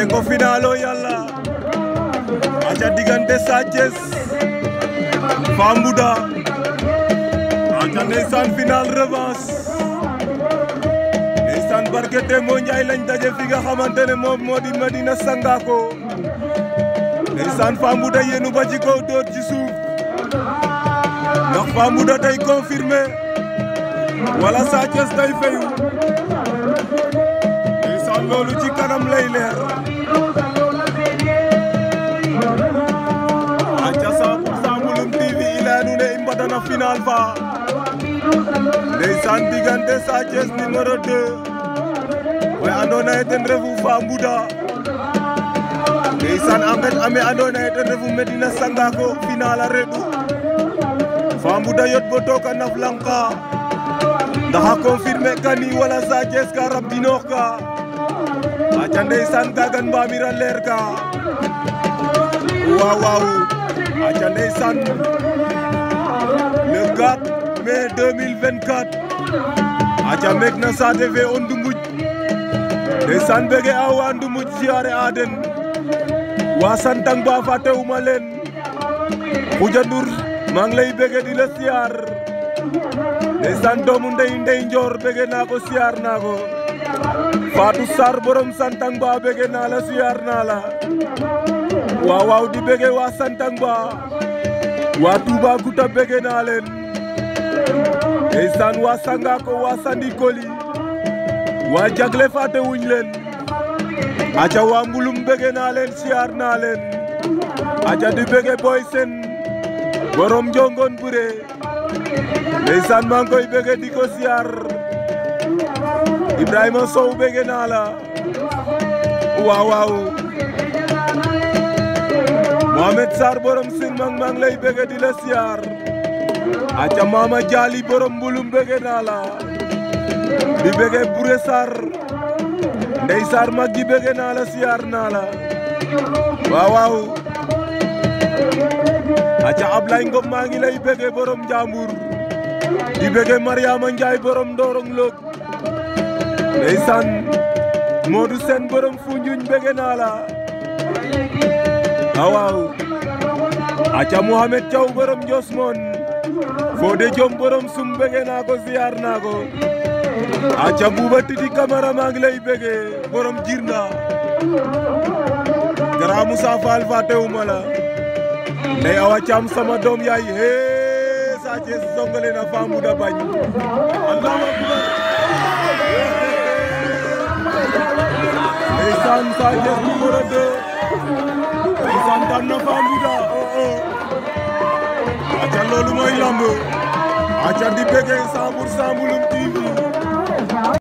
pare ko finaalo yàlla aca diggante Sa Thiès Fambouda aca ndeysaan final revanche ndeysaan barke Dembo Njaay lañ daje fi moom moo di Medina Sangako ndeysaan Fambouda yéenu ba ci kaw dóor ci suuf ndax wala Sa Thiès day loolu aca 100 pour cent Mbouloum TV i leya nuun e fa ndeysaan diggante Sa Thiès numéro 2 andoona yee refu fa mbuda ndeysaan ame andoona yee refu Medina Sangako final a reɗu yot bo naf lang ka ndax kani wala Sa Thiès ka rabdinoox ka aca ndeysaan gagan mbamira leer ka waaw waaw aca ndeysaan le 4 mai 2024 aca meek na saate fe o ndeysaan bege a wa Ndumbuj siyaare a den wa santang ba fate uma leen Khoudia Ndour maa ngi lay bege di la siyaar ndeysaan doomu ndey njoor bege naa ko siyaar naa ko Fatou Sarr borom Santangba bëgg naa la siyaar naa la waaw waaw di bëgg waa Santangba waa Toubacouta bëgg naa leen ndeysaan waa Sangako waa Sandikoli waa Jagle fàtte wuñ leen aca waa Mbulum bëgg naa leen siyaar naa leen aca di bëgg Boy borom jongon bure ndeysaan maa ngi di ko siyaar Ibrahima Sow bëgg naa la waaw waaw Mohamed borom sin mag maa ngi lay bëgg di la siyaar aca Mama Jaali borom mbulum bëgg naa la di bëgg Bure Sarr Ndey Sarr mag gi bëgg naa la siyaar naa la waaw waaw aca Ablaye Ngom maa ngi lay bëgg borom Njambur di bëgg Mariama Njaay borom Ndorong Lok ndeysaan Modou Sène borom Foundiougne bëgg naa la ah waaw aca Mouhamed Thiaw borom Ndiosmone Fodé Diom borom Soum bëgg naa ko ziar naa ko aca Bouba Titi Camara maa ngi lay bëgg borom Jirna Gara Moussa Fall fàttewuma la sama doom yaay hee Sa Thiès na faamu da bañ Allahu ndeysaan Sa Thiès numéro 2 ndeysaan daan na Fa aca loolu mooy lamb aca di bëgg 100 pour 100